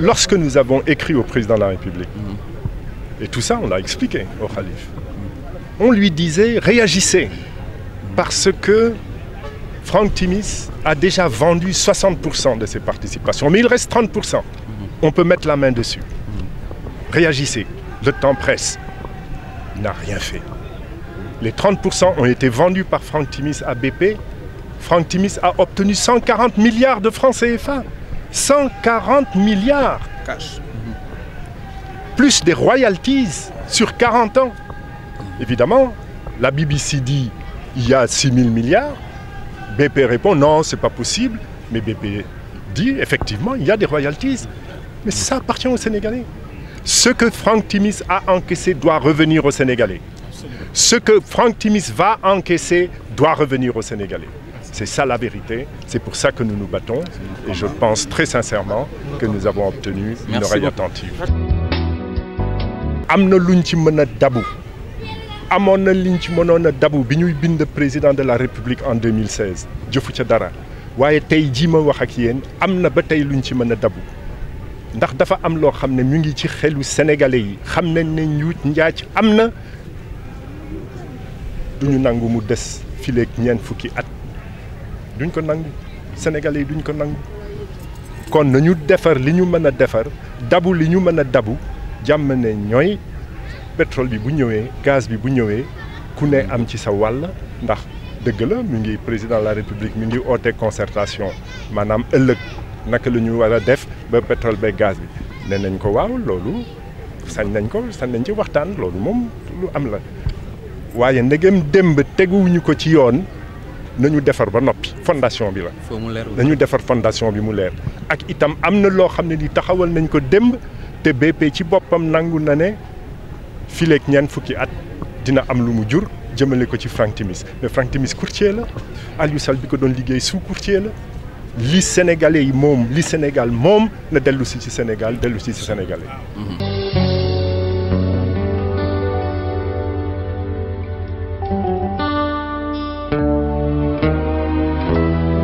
lorsque nous avons écrit au président de la République, mm. et tout ça, on l'a expliqué au Khalif, on lui disait réagissez, parce que Franck Timis a déjà vendu 60% de ses participations, mais il reste 30%. Mm. On peut mettre la main dessus. Réagissez, le temps presse. Il n'a rien fait. Les 30% ont été vendus par Franck Timis à BP. Franck Timis a obtenu 140 milliards de francs CFA. 140 milliards cash. Mhm. Plus des royalties sur 40 ans. Évidemment, la BBC dit il y a milliards. BP répond non, c'est pas possible. Mais BP dit effectivement il y a des royalties. Mais ça appartient aux Sénégalais. Ce que Franck Timis a encaissé doit revenir aux Sénégalais. Ce que Franck Timis va encaisser doit revenir aux Sénégalais. C'est ça la vérité, c'est pour ça que nous nous battons et je pense très sincèrement que nous avons obtenu une oreille attentive. am na luñ ci mën a dabu amoon na liñ ci mënoon a dabu bi ñuy bind président de la République en 2016 jëfu ca dara waaye tey jii ma wax ak yéen am na ba tey luñ ci mën a dabu ndax dafa am loo xam ne mu ngi ci xelu sénégalais yi xam nañ ne njuuj njaac am na duñu nangu mu des fileeg ñeent fukki at duñ ko nangu sénégalais yi duñ ko nangu kon nañu defar li ñu mën a defar dabu li ñu mën a dabu jàmm ne ñooy pétrole bi bu ñëwee gaz bi bu ñëwee ku ne am ci sa wàll ndax dëgg la mu ngi président la république mi ngi oote consertation maanaam ëllëg naka la ñu war a def ba pétrole ba gaz bi ne nañ ko waaw loolu sañ nañ ko sañ nañ ci waxtaan loolu moom lu am la waaye ndegem démb teguwuñu ko ci yoon nañu defar ba noppi fondation bi la. nañu defar fondation bi mu leer. ak itam am na loo xam ne li taxawal nañ ko démb te bépp ci boppam nangu na ne fileeg ñeent fukki at dina am lu mu jur jëmale ko ci Frank Timis mais Frank Timis courtier la Aliou Sall bi ko doon liggéey sous courtier la. li Sénégalais yi moom li Sénégal moom na dellu si ci Sénégal dellu si ci Sénégalais.